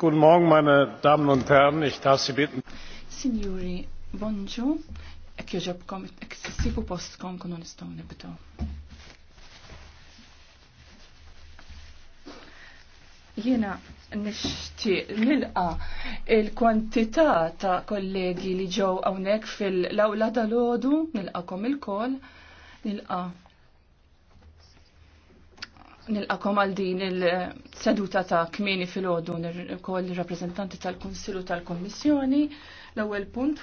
Guten Morgen, meine Damen und Herren. Ich darf Sie bitten. Signori, bonġu. Ek Jena nishti nilqa il-kwantità ta' kollegi li ġew hawnhekk fil lawla tal għodu nilqakom il-kol, nilqa' Nilqakom għal din il-seduta ta' kmieni fil-ħodu kol rappresentanti tal-Konsilu tal-Kommissjoni. L-ewwel punt